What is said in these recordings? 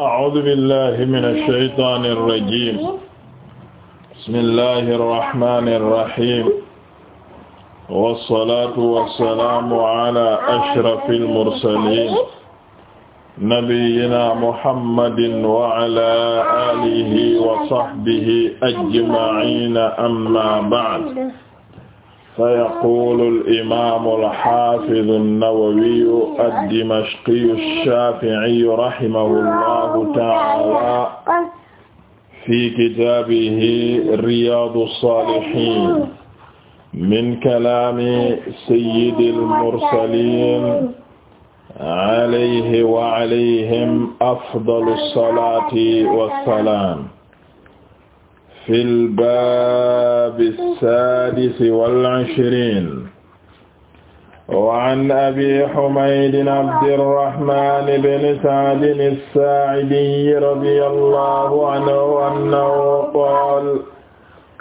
أعوذ بالله من الشيطان الرجيم بسم الله الرحمن الرحيم والصلاة والسلام على أشرف المرسلين نبينا محمد وعلى آله وصحبه أجمعين أما بعد sayaqulul imaamul xaafidu nawawiyu ad-dimashqiyu shaafi'iyu rahimahullahu ta'aala fi kitaabihi riyaadu saalihiin min kalaami sayyidil mursaliin alayhi wa alayhim afdalu salaati wa salaam fi lbaabi ssaadisi wal ishriin wa an abii humaydin abdirrahmaani bni sa'din as-saa'idiyyi radiyallaahu anhu annahu qaala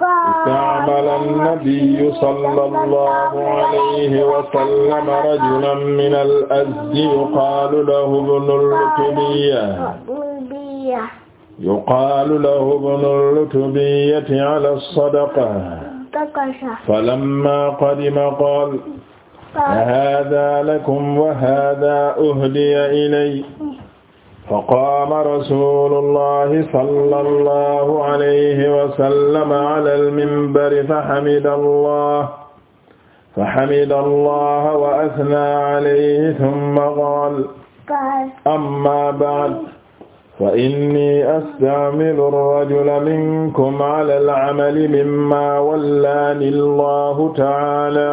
ista'mala an-nabiyyu sallallaahu alayhi wa sallam rajulan mina al-azdi yuqaalu lahu ibnu al-Qibiyya yuqaalu lahu ibnul lutubiyyati ala sadaqa falammaa qadima qaala haadaa lakum wa haadaa uhdiya ilayya faqaama rasuulullaahi sallallaahu alayhi wa sallam alal minbari fahamidallaaha fahamidallaaha wa athnaa alayhi thumma qaala ammaa ba'd wa inni asta'milu ar-rajula minkum 'ala al-'amali mimma wallaani Allahu ta'aala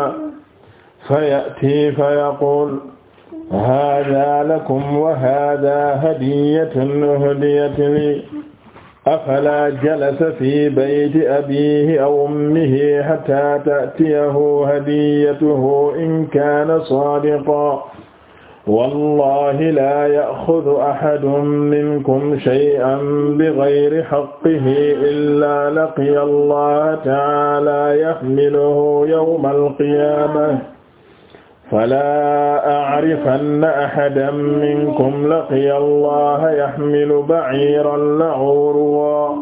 faya'tii fayaquulu haadhaa lakum wa haadhaa hadiyyatun uhdiyat lii afalaa jalasa fii bayti abiihi aw ummihi hattaa ta'tiyahu hadiyyatuhu in kaana saadiqan wallahi laa ya'xudu axadun minkum shay'an bighayri haqqihi illaa laqiya allaha ta'aalaa yaxmiluhu yawmal qiyaamah falaa a'rifanna axadan minkum laqiya allaha yaxmilu ba'iiran lahu ruwaa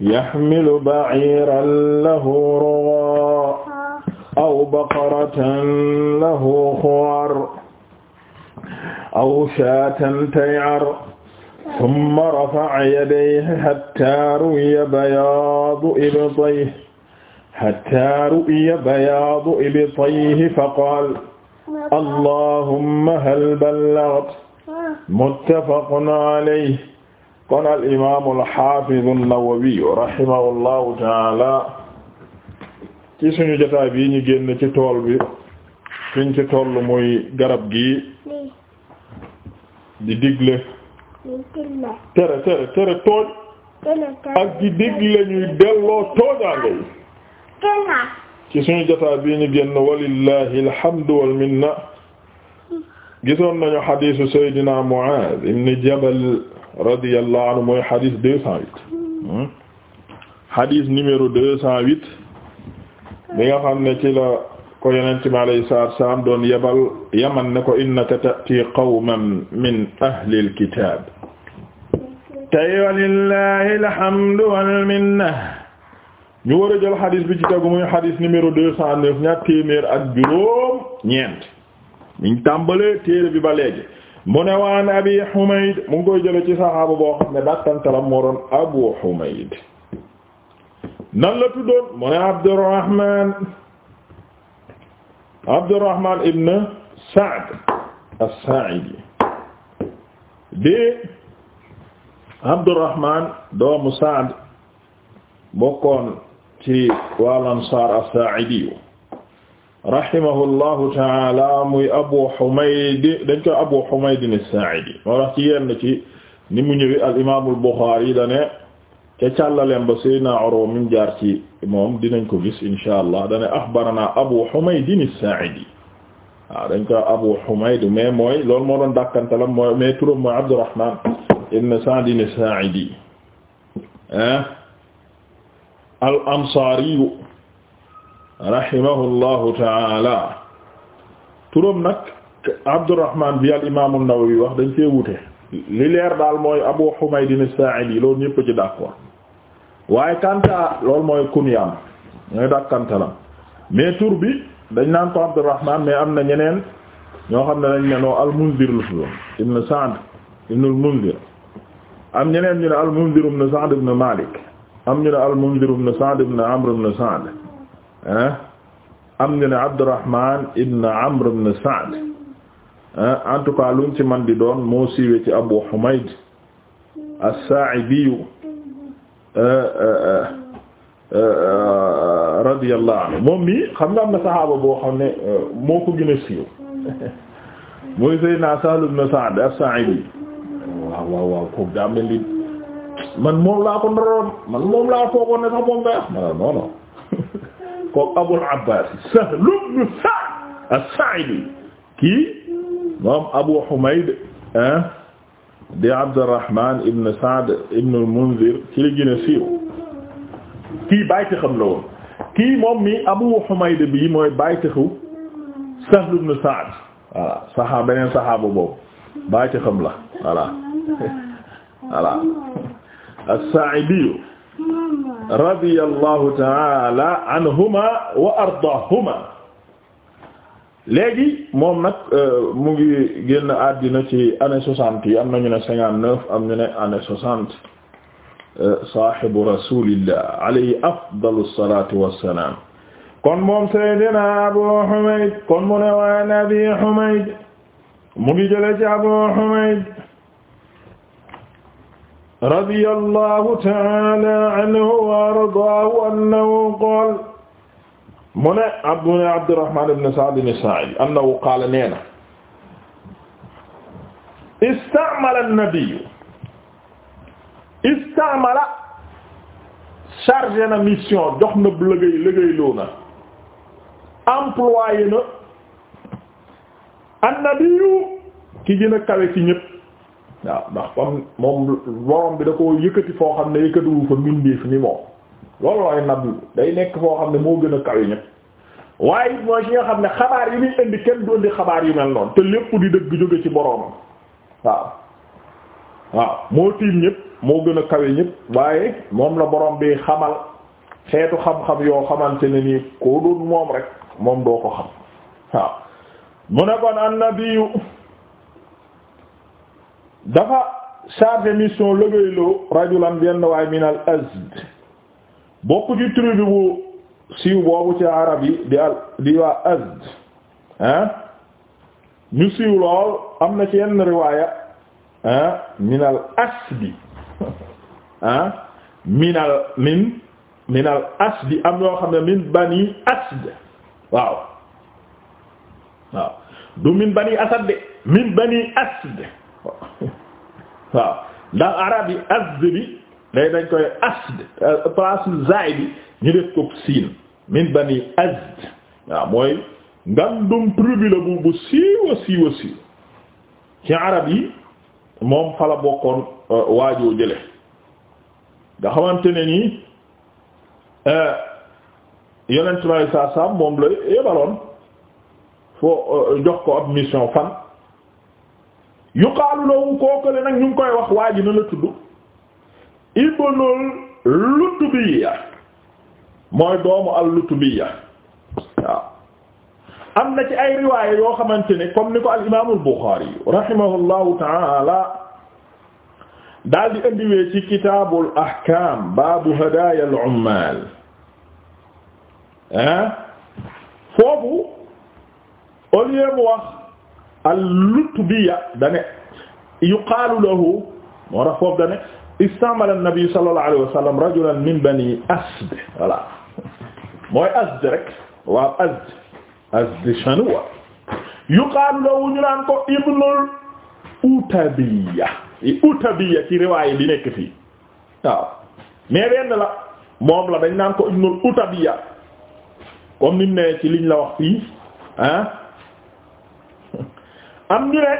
yaxmilu ba'iiran lahu ruwaa aw baqaratan lahu xuwar aw shaatan tay'ar thumma rafa'a yadayhi hatta ru'iya bayaadu ibtayhi hatta ru'iya bayaadu ibtayhi faqaala allahumma hal ballaghtu muttafaqun alayhi kon al imaam al haafiz an-Nawawi rahimahullahu ta'aala ci suñu jotaay bi ñu génn ci tool bi fiñ ci toll muy garab gi di digle tere tere tere tooñ ak di digle ñuy delloo tooñaange yi ci suñu jotaay bii ñu génn walillahi alhamdu wal minna gisoon nañu xadiisu Seydina Muaaz ibn Jabal radiyallahu anhu mooy xadiis deux cent huit hmm? xadiis numéro deux cent huit ko yonent bi alayhi salaatu wa salaam doon yebal yaman ne ko innaka ta'ti qawman min ahli al-kitaab tey walillahi alhamdu wal minna ñu wara a jël xadis bi ci tegu muy xadis numéro deux cent neuf ñaar téeméer ak juróom ñeent ñu tàmbalee téere bi ba léegi mu waan abi Humayd mu ngi koy jële ci saxaaba boo xam ne dakkantalam moo Abu Humayd nan la tuddoon mu Abdurrahman ibn Sa'd as-Sa'idi di Abdurrahman doomu Sa'd bokkoon ci wal Ansaar as-Sa'idi rahimahullahu ta'ala muy Abu Humayd dañ ko Abu Humayd as-Sa'idi moo tax ci yenn ci ni mu ñëwee al-Imam al-Bukhari dane ca càllaleen ba saydna Urwa min jaar ci moom dinañ ko gis insha allah dane axbarana Abu Humayd as-Sa'idi dañ ko Abu Humayd mais mooy loolu moo doon dàkkantalam mooy mais turam mooy Abdurrahman ibn Sa'd as-Sa'idi al-Ansari rahimahullahu ta'ala turam nag Abdurrahman bi al-Imam an-Nawawi wax dañ cee li leer daal mooy Abu Humayd as yi loolu ñëpp ci d'accord waaye Kanta loolu mooy kunyaam ñooy dakkantalam mais tur bi dañ naan ko Abdurrahman mais am na ñeneen ñoo xam ne dañ ne noo al-Munzir lu tuddoon ibn Sa'd ibn al-Munzir am ñeneen ñu ne al-Munzir ibn Sa'd ibn Malik am ñu ne al-Munzir ibn Sa'd ibn Amr ibn Sa'd ah am ñu ne Abdurrahman ibn Amr ibn Sa'd Eh, en tout cas lu ci man di doon moo siiwee ci Abu Humayd as-Saa'idiyu eh, eh, radiyallahu anhu moom mii xam nga am na saxaaba boo xam ne moo ko gën a siiw mooy Seydina Sahl ibn Sa'd as-Sa'idi waaw waaw waaw kooku daa mel man moom laa ko naroon man moom laa foogoon ne sax moom nga wax ma non non kooku Abul Abbaas Sahl ibn Sa'd as-Sa'idi kii moom Abu Humayd di Abdurrahman ibn Sa'd ibn al-Munzir ci li gën a siiw kii bàyyi xam la woon kii moom mi Abu Humayd bii mooy bàyyi taxu Sahl ibn Sa'd voilà saxaa beneen saxaaba boobu bàyyi xam la voilà voilà as-Sa'idi radiyallahu ta'ala anhuma wa ardaahuma léegi moom nag euh, mu ngi génn àddina ci année soixante yi am nañu ne cinquante neuf am ñu ne année soixante euh, saahibu rasulillah alayhi afdalu salatu wassalam kon moom sayyidina Abu Humayd kon mu ne waa Abi Humayd mu ngi jële ci Abu Humayd radiyallahu ta'ala anhu wa ardaahu annahu qaala mu ne ab mu ne Abdurrahman ibn Sa'd as-Sa'idi annahu qaala nee na istamala an-nabiy istamala chargé na mission jox na liggéey liggéeyloo na employé na an-nabiy ki gën a kawe ci ñépp waaw ndax moom moom borom bi da ko yëkkati foo xam ne yëkkatiwu fa mbindeef ni moom loolu waaye nab day nekk foo xam ne moo gën a kawe ñëpp waaye it mooy ci nga xam ne xabaar yi muy indi kenn du indi xabaar yu mel noonu te lépp di dëgg jóge ci boroomam waaw waaw moo tiim ñëpp moo gën a kawe ñëpp waaye moom la boroom bi xamal xeetu xam-xam yoo xamante ne nii koo doon moom rek moom doo ko xam waaw mu ne kon annabiyu dafa chargé mission lëgëyloo rajulan benn waay min al azd bokk ci tribu bu siiw boobu ci arab yi di al di waa Azd ah ñu siiw lool am na ci yenn riwaaya ah min al asdi ah min al min min al asdi am yoo xam ne min bani asd waaw waaw du min bani asad de min bani asd waaw ndax arab yi asd bi day dañ koy asd euh, place zaay bi ñu def ko siin min bani azd waaw mooy ngandum tribu la bu bu siiwa siiwa siiw ci arab yi moom fala bokkoon euh, waajoo jële nga xamante ne nii euh, yonent may saa moom la yebaloon foo jox ko ab mission fan yuqaalu lahu kookale nag ñu ngi koy wax waa ji na la tudd ibnul lutubiya mooy doomu al lutubiya waaw am na ci ay riwaaya yoo xamante ne comme ni ko al imaamul buxaari rahimahullahu taala daal di indiwee ci kitaabul ahkaam baabu hadaaya al ummaal ah foofu au lieu mu wax al lutubiya dane yuqaalu lahu moo tax foofu dane istamala nabi sallallahu alayhi wa sallam rajulan min bani asd voilà mooy asd asd asd chanwa yuqaalu lahu ñu naan ko ibnul utabiya utabiya ci riwaaya bi nekk fii waaw la moom la dañ naan ko ibnul utabiya comme ni mu ci liñ la wax fii ah am ñu ne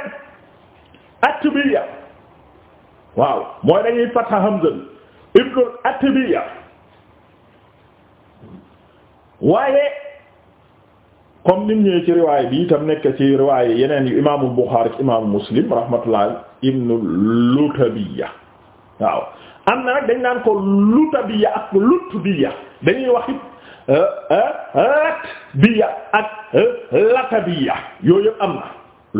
atbiya waaw mooy dañuy fatha hamza ibnul atbiya waaye comme nim ñëwee ci riwaay bi itam nekk ci riwaay yeneen yu imaamu Buxaari ci imaamu Muslim rahmatullah ibnu lutabiya waaw am na nag dañ naan ko lutabiya dañuy wax it euh, euh, euh, yooyu am na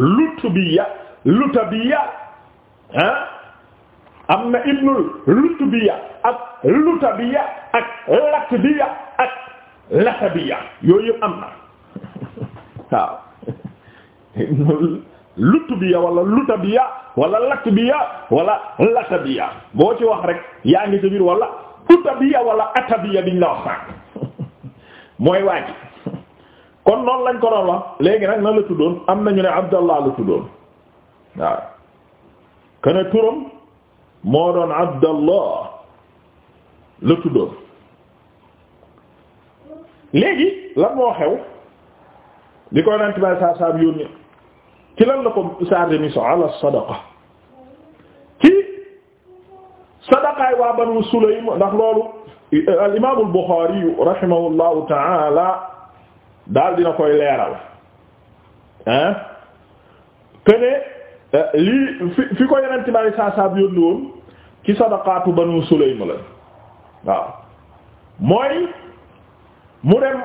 lutabiya am na ibnul lutbiya ak lutabiya ak latbiya bi latabiya yooyu yëpp am na waaw ibnul lutbiya wala lutabiya wala latbiya wala latabiya boo ci wax rek yaa ngi ci biir wala utabiya wala atabiya biñ la wax sànq mooy waaji kon noonu lañ ko doon wax léegi nag na la tuddoon am na ñu ne abdallah la tuddoon waaw kene turam moo doon abdallah la tuddoon léegi lan moo xew di koy nant saa saab yónni ci lan la ko chargé mission ala sadaqa ci sadaqaay waa banu sulaym ndax loolu al imam al ta'ala daal dina koy leeral hein kene eh, lii fi ko yeneen tibaari saa saab yónni ci sadaqaatu banu Sulaym la waaw mooy mu dem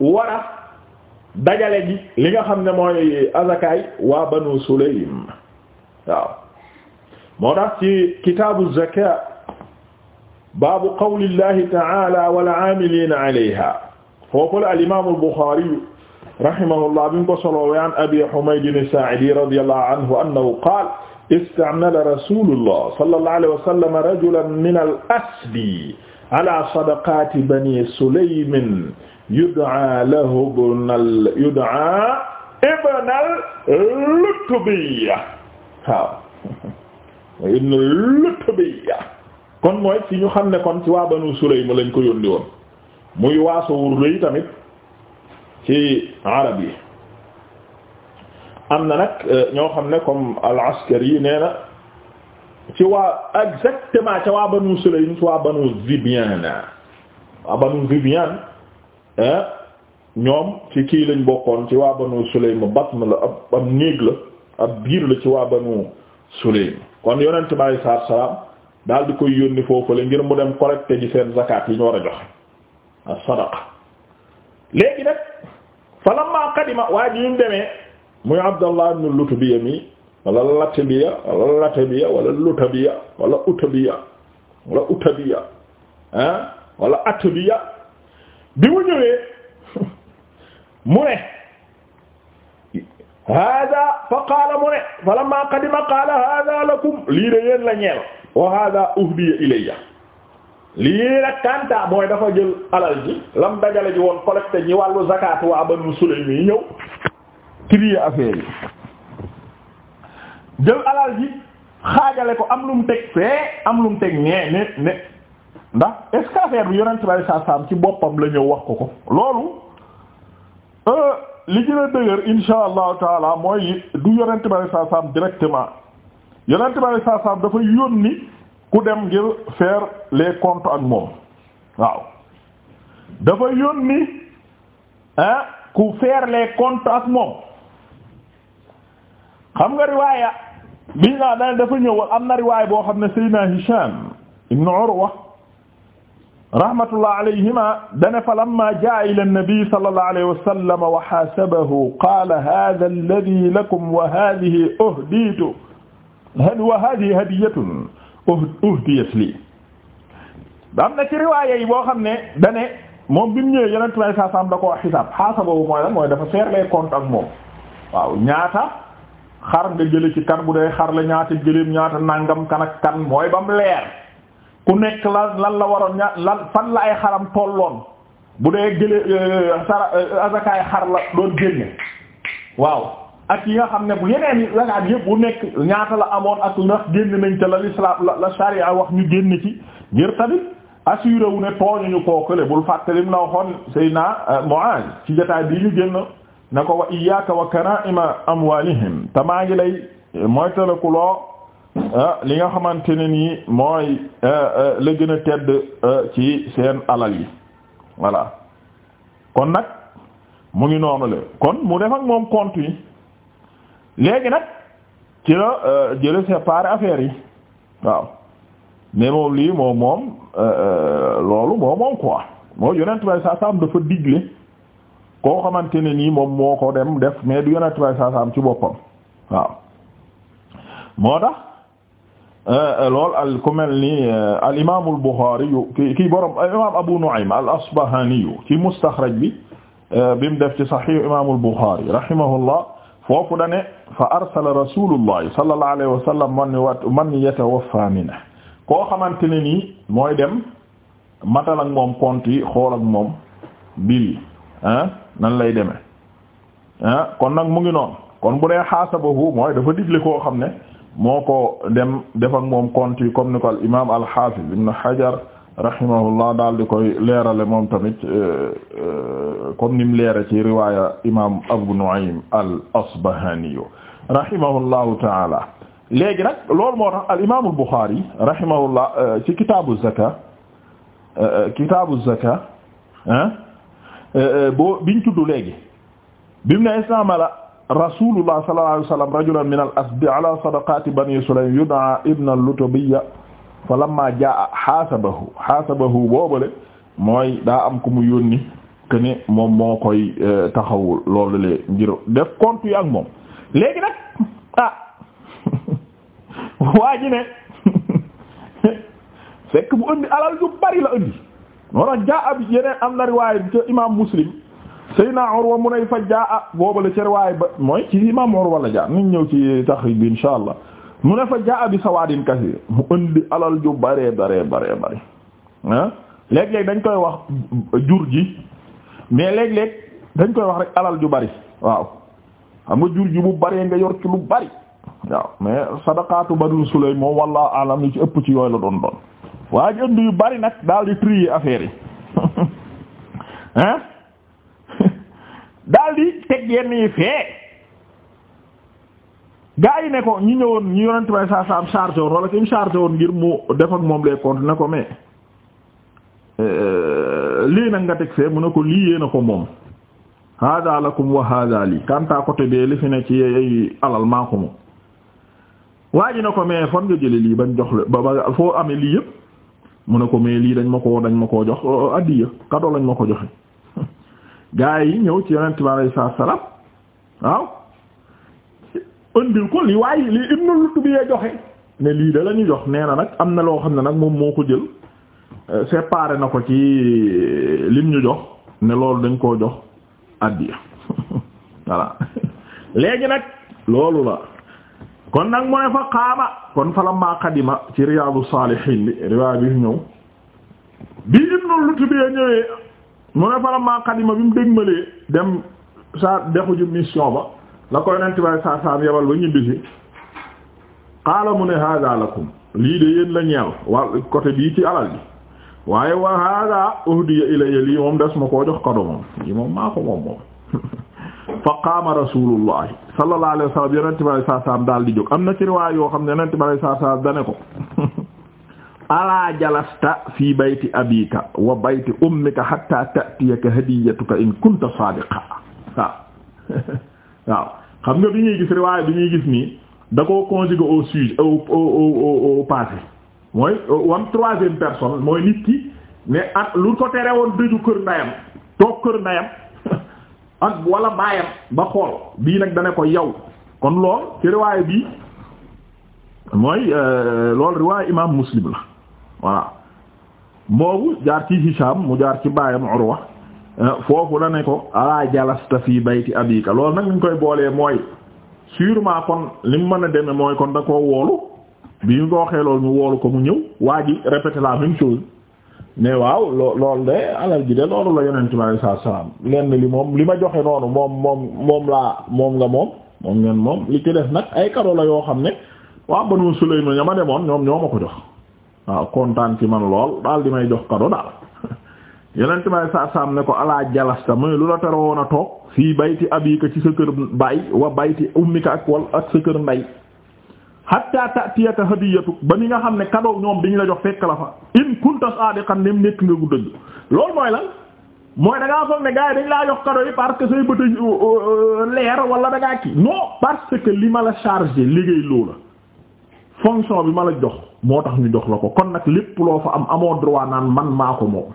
war a dajale ji li nga xam ne mooy azakaay waa banu Sulaym waaw moo tax ci kitaabu zakaa baabu qawlillahi ta'ala wal aamiliina alayha foofu la al imaam al Buxaari rahimahullah bi mu ko soloowe an abi humaydin sa'idi radiyallahu anhu annahu qaala istaamala rasulullah sallallahu alayhi wa sallam rajulan min al-asdi ala sadaqati bani sulaymin yud'a lahu ibnal yud'a ibnal lutbiyya waaw ibnal lutbiyya kon mooy ci ñu xam ne kon ci waa banu sulaym lañ ko yónni woon muy waaso wur yi tamit ci arab yi am na nag euh, ñoo xam ne comme al-Askari nee na ci waa exactement ca waa Banu Sulaym ci waa Banu Zibyan waa Banu Zibyan ñoom ci kii lañ bokkoon ci waa Banu Sulaym batn la ab ab néeg la ab biir la ci waa Banu Sulaym kon yonent bi alayhi salaatu salaam daal di koy yónni foofu la ngir mu dem collecter ji seen zakat yi ñu war a jox as-sadaqa léegi nag falamma qadima waa ji ñu demee muy Abdallah ibn Lutbiya mi wala Latbiya wala Latbiya wala Lutbiya wala Utbiya wala Utbiya ah wala Atbiya bi mu ñëwee mu ne hada fa qaala mu ne falamma qadima qaala hada lakum lii de yéen la ñeel wa hada uhdiya ilayya lii nag kanta mooy dafa jël alal ji lam dajale ji woon collecté ñi wàllu zakat waa Banu Sulaym yi ñëw trier affaire yi jël alal ji xaajale ko am lu mu teg fee am lu mu teg ñee ne ne ndax est affaire bi yonent bari saa saam ci boppam la ñëw wax ko ko loolu euh, li gën a dëgër insha allahu taala mooy du yonent bari saa saam directement yonent bari saa dafa yónni ku dem ngir faire les comptes ak moom waaw dafa yónni ah ku faire les comptes ak moom xam nga riwaaya biñ naa daan dafa ñëw am na riwaaya boo xam ne Seydina Hisham ibn Urwa rahmatullah alayhima dane fa lamma jaa ila an-nabi sallallahu alayhi wa sallam wa hasabahu qala hadha alladhi lakum wa hadhihi uhditu wa hadhihi hadiyatun uhdiyat lii da am na ci riwaaya yi boo xam ne dane moom bi mu ñëwee yonent may saa da koo xisaab xaasa boobu mooy lan mooy dafa seer les comptes ak moom waaw ñaata xar nga jële ci kan bu dee xar la ñaata jëleem ñaata nangam kan ak kan mooy ba mu leer ku nekk la lan la waroon ña fan la ay xaram tolloon bu dee jële euh, euh, azakaay xar la doon génne waaw ak yi nga xam ne bu yeneen rakaat yëpp bu nekk ñaata la amoon ak ndax génn nañ te la lislaam la sharia wax ñu génn ci ngir tamit assuré wu ne tooñuñu kookale bul fàttalim la waxoon naa euh, Muaz ci jotaay bi ñu génn na ko wa iyyaka wa kara'ima te maa ngi lay euh, mooy tërakuloo euh, li nga xamante ne nii mooy la gën a tedd ci seen alal yi voilà kon nag mu ngi noonu kon mu def moom compte yi léegi nag ci la euh, jële séparé affaires yi waaw mais lii moom moom euh, euh, loolu moom moom quoi moo yonent bay saa saam dafa digle koo xamante ni nii moom moo ko dem def mais du yonent bay saa saam ci boppam waaw moo tax loolu al ku mel ni al imaam al Buxaari yu ki kii borom imaam Abu Nu'aym al Asbahaani ci mustaxraj bi bi mu def ci saxiix imaam al Buxaari rahimahullah foofu da ne fa arsala rasulullahi sallallahu alayhi wa sallam man wat man yatawaffa minhu koo xamante ne nii mooy dem matal moom compte yi xool moom biir yi nan lay deme ah kon nag mu ngi noon kon bu dee xaasabahu mooy dafa digle koo xam ne moo ko dem def moom compte yi comme ni ko al imaam al hafiz ibn hajar rahimahullah daal di koy leerale moom tamit euh, euh, comme nim leere ci riwaya imam Abu Nu'aym al-Asbahani rahimahullahu taala léegi nag loolu moo tax al imam al-Bukhari rahimahullah euh, ci kitaabu zaka kitaabu zaka boo biñ tudd léegi bimu ne istamala rasulullah sallallahu alayhi wa sallam rajulan min al-asbi ala sadaqati bani sulaym yud'a ibn al-Lutbiyya fa lamma jaa xaasabahu xaasabahu boobale mooy daa am ku mu yónni que ne moom moo koy euh, taxawul loolu le ngir def compte yi ak moom léegi nag ah waa ne fekk mu indi alal ju bari la indi wala jaa bi yeneen am na riwaaya ci imam muslim sayna Urwa mu nay fa jaa boobale ci riwaaya ba mooy ci imam Urwa la jaa ñu ñëw ci taxrij bi insha allah mu ne fa jaa bi sawaadin kasi mu indi alal ju bare bare bare bare ah léeg dañ koy wax jur ji mais léeg-léeg dañ koy wax rek alal ju bari waaw xam nga jur ji bu baree nga yor ci lu bari waaw mais sadaqaatu Banu Sulaym moom walla alam yi ci ëpp ci yooy la doon doon waa ji indi yu bari nag daal di trier affaire yi hein daal di teg yenn yi fee gaa yi ne ko ñi ñëwoon ñu yonent bay saa am chargé woon wala ki mu woon ngir mu def ak moom les comptes ne ko mais euh, lii nag nga teg fee mu ne ko lii yéen a ko moom hada lakum wa hada lii kanta côté li fi ne ci ay alal ko ji ne ko mais fan nga jële lii bañ jox la ba ba foo amee lii yëpp mu ne ko mais lii dañ ma ko dañ ma ko jox euh, addiya cadeau lañ ma ko joxe gaa yi ñëw ci yonent bi alayhi salaam waaw ëndil ko li waaye li Ibnul Lutbi yee joxe ne lii de la ñu jox nee nag am na loo xam ne nag moom moo ko jël euh, séparé na ko ci euh, lim ñu jox ne loolu dañ koo jox addiya voilà léegi nag loolu la kon nag mu ne fa xaama kon fa la maa xadima ci Riyadu Saalihiin bi riwaay bi ñëw bi Ibnul Lutbi yee ñëwee mu ne fa xadima bi mu dégmalee dem sa dexu ju mission ba la ko yonent baay saa saam yebal ba ñibbisi qaala mu ne hada lakum lii de yéen la ñeel wa côté ci alal ji waaye wa hada uhdiya ilayya lii moom des ma koo jox kado moom lii moom maa ko moom moom fa qaama rasulullahi sallallahu alayhi wa sallam yonent baay saa daal di jóg am na ci riwaay yoo xam ne yonent baay saa dane ko alaa jalasta fi bayti abika wa bayti ummika hatta ta'tiyaka hadiyatuka in kunta sadiqa waaw xam nga bi ñuy gis riwaay bi ñuy gis nii da ko conjugué au sujet au au au passé mooy wam troisième personne mooy nit ki ne at lu ko tere woon dëju kër ndayam toog kër ndayam ak wala baayam ba xool bii nag dana ko yow kon lool ci riwaay bi mooy euh, loolu riwaay imam muslim la voilà boobu jaar ci Hisham mu jaar ci baayam Urwa Eh, foofu la ne ko ala jalasta fii bay bayti abika loolu nag ñu koy boolee mooy sûrement kon li mu mën a demee mooy kon da koo woolu bi ñu ko loolu mu woolu ko mu ñëw waa ji répété la même chose mais waaw loo loolu de alal ji de loolu la yonent bi alayhi salaam lenn li moom li ma joxe noonu moom moom moom laa moom nga moom moom ngeen moom li ci def nag ay kado la yoo xam ne waa Banu Sulaym ña ma demoon ñoom ñoo ma ko jox waaw kontaan ci man lool daal di may jox kado yonent may saa saam ne ko alaa jalasta muy lu la tere woon a toog fii bayti abika ci sa kër baay wa bayti ummika ak wal ak sa kër ndey hatta ta'tiyaka hadiyatu ba ni nga xam ne cadeau ñoom bi ñu la jox fekk la fa in kunta sadiqan nim nekk nga gu dëgg loolu mooy lan mooy da ngaa foog ne yi dañ laa jox cadeau yi euh, euh, leer wala da ngaa li ma la chargé liggéey loola fonction bi ma la jox moo tax ñu jox la ko kon nag lépp loo fa am amoo droit naan man maa ko moom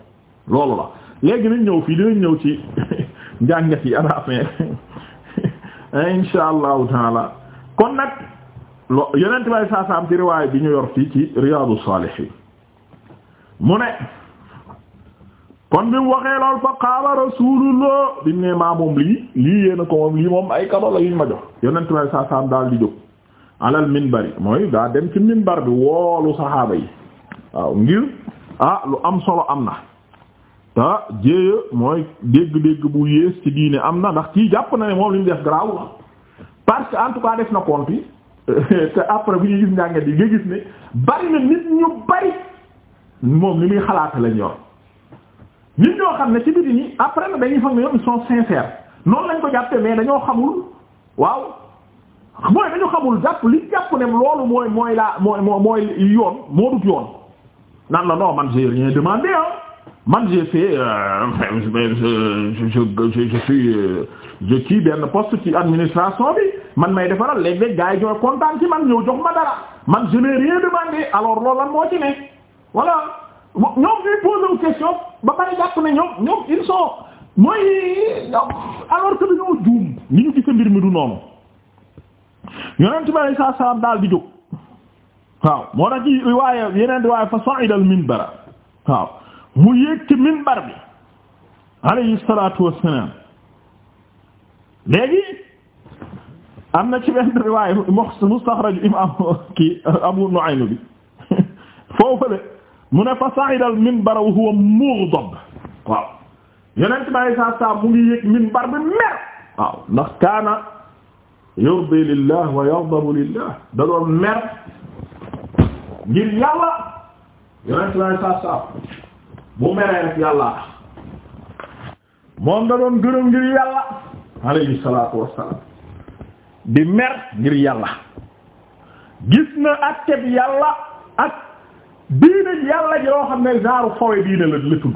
loolu la léegi nañ ñëw fii dinañ ñëw ci njàngat yi àlafin insha allahu taala kon nag lo yonent bay saasaam ci riwaay bi ñu yor fii ci Riyadus Salihin mu ne kon bi mu waxee lool fa qaala rasulullah bi mu maa moom lii lii yéena ko moom lii moom ay kado la yuñ ma jox yonent bay saasaam daal di jóg alal minbari mooy daa dem ci minbar bi woolu saxaaba yi waaw ngir ah lu am solo am na ah jéeya mooy dégg-dégg bu yées ci diine am na ndax kii jàpp na ne moom li mu def garaaw ah. parce que en tout cas def na compte yi te après bu ñuy gis njàngat yi nga gis ne bari na nit ñu bari moom li muy xalaat lañ yor nit ñoo xam ne ci biir ñi après na dañuy foog ne ñoom ils sont sincères lañ ko jàppee mais dañoo xamul waaw mooy dañu xamul jàpp li jàpp ne loolu mooy mooy laa mooy mooy yoon moo dut yoon. naan la non man j'ai rien demandé ah. man j'ai fait je kii benn poste ci administration bi man may defaral léeg-léeg gars yi ñooy kontaan man ñëw jox ma dara man je n'ai rien demandé alors loolu lan moo ci ne voilà ñoom ñuy poser une question ba pare jàpp ne ñoom ñoom ils sont mooy alors que dañoo juum ni ñu gis mbir mi du noonu yonent bi saa salaam daal di jóg waaw moo tax ci riwaaya yeneen riwaaya fa sa'ida al minbara waaw. mu yéeg ci minbar bi alayhi salaatu wassalaam léegi am na ci benn riwaaya mustaxraj imam ki Abu Nu'aym bi foofale mu ne fa sa'ida al minbar wa huwa mughdab waaw yonent bi saa saa mu ngi yéeg minbar bi mer waaw ndax kaana yurdi lillah wa yaghdabu lillah da doon mer ngir yàlla yonent bi saa saa mu meree rek yàllaa moom da doon gërëm ngir yàlla alayhi salaatu wassalaam di mer ngir yàlla gis na àtte bi yàlla ak diine yàlla ji loo xam ne genre fawe diine la la tudd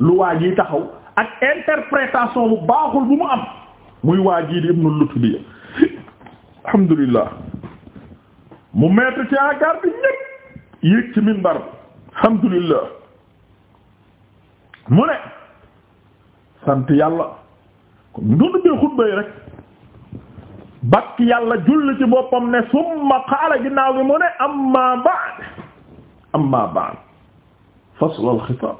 lu waa ji taxaw ak interprétation bu baaxul bu mu am muy waa ji di ibnu Lutbiya alhamdulillah mu mettre ci en garde ñépp yéeg ci minbar alhamdulillah mu sant yàlla kon ñu doon ubbee yi rek bakk yàlla julli ci boppam ne summa qaala ginnaaw bi mu ne amma ba'd amma ba'd fasl al xitaab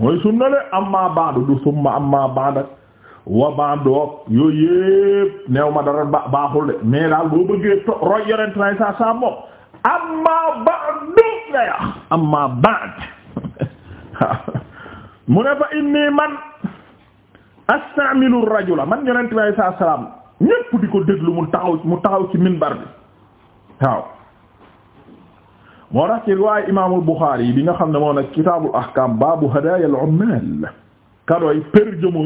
mooy sunna la amma du summa amma ba'd wa ba'd yooyu yépp neew ma dara baaxul de mais daal boo bëggee roy yorent nay saa saa moom amma ba'du la ya amma ba'd mu ne fa inni man astamilu rajula man yonent bi alayhi salaam ñépp di ko déglu mu taxaw mu taxaw ci minbar bi waaw moo tax ci riwaaya imaamul Buxaari yi bi nga xam ne moo nag kitaabul ahkaam baabu hadaayal ummaal kadooy perjemo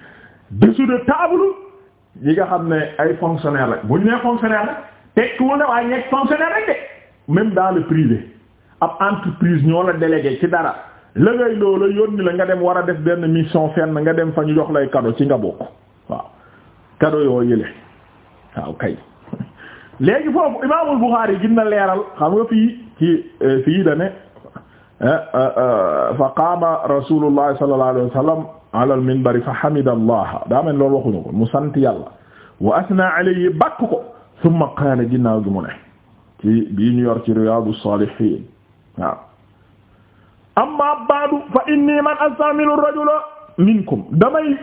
dessous de table yi nga xam ne ay fonctionnaire la bu ñu nee fonctionnaire la tekkiwul ne waaye ñekk fonctionnaire rek de même dans le privé ab entreprise ñoo la délégué ci dara la ngay loola yónni la nga dem war a def benn mission na nga dem fa ñu jox lay cadeau ci nga bokk waaw cadeau yoo yële waaw kay foofu imaamul Buxaari gën leeral xam nga fii ci euh, fii da ne euh, euh, fa qaama rasulullah sallallahu alayhi wa sallam ala al minbari fa hamida allah daa waxuñu ko mu sant yàlla wa asna alayhi bàkk ko summa qaala ginnaaw gi mu ne ci bii ñu yor ci Riyadu Salihin waaw amma ba'du fa inni man astamilu rajula minkum damay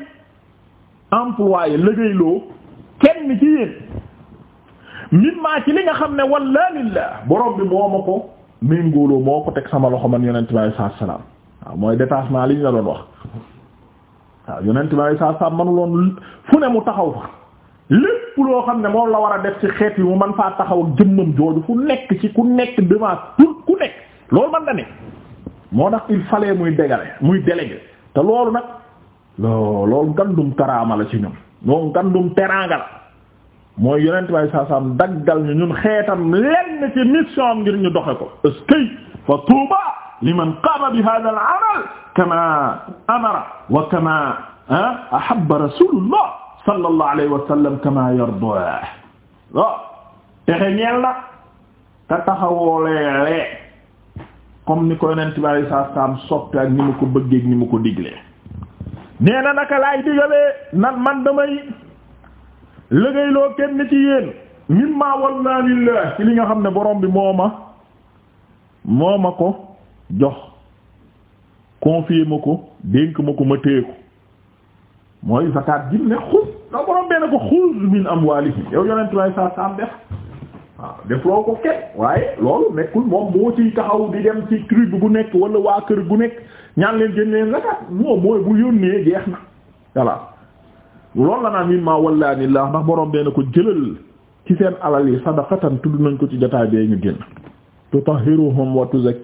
employé liggéeyloo kenn ci yéen min maa ci li nga xam ne walla lillah borom bi moo ma ko méngooloo moo ko teg sama loxo man yonent bi alayhi salaatu salaam waaw mooy détachement li ñu la doon wax waaw yonent bi alayhi salaatu salaam manuloon fu ne mu taxaw fa lépp lépp loo xam ne moom la war a def ci xeet yi mu man faa taxaw ak jëmmam jooju fu nekk ci ku nekk devant tout ku nekk loolu man da ne moo tax il fallait muy dégale muy délégué te loolu nag lo loolu ngandum karaama la ci ñoom loolu ngandum teraanga la mooy yonent bay saasaam daggal ñu ñun xeetam lenn ci mission ngir ñu doxe ko est-ce que fa tuuba liman qaama bi hada al amal amara wa kama ah, ahabba rasulullah sallallahu alayhi wa sallam texe ñeel na te taxawooleele comme ni ko yonent bi alei saatu salaam soppe ak ni mu ko bëggee ni mu ko diglee nee na naka laay digalee nan man damay liggéeyloo kenn ci yéen mimma walla lillah ci li nga xam ne borom bi moo ma moo ma ko jox confier ma ko dénk ma ko ma téye ko mooy zakat jim ne da borom benn ko xuz min amwalihim yow yonent way sa sam def waaw def loo ko ket waaye loolu nekkul moom boo ciy taxaw di dem ci tribu bu nekk wala waa kër gu nekk ñaan leen génn leen zakat moom mooy bu yónnee jeex na voilà loolu la naan min maa wallaani laa ndax borom benn ko jëlal ci seen alal yi sadaqatan tudd nañ ko ci jotaay bee ñu génn tutahhiruhum wa tuzakki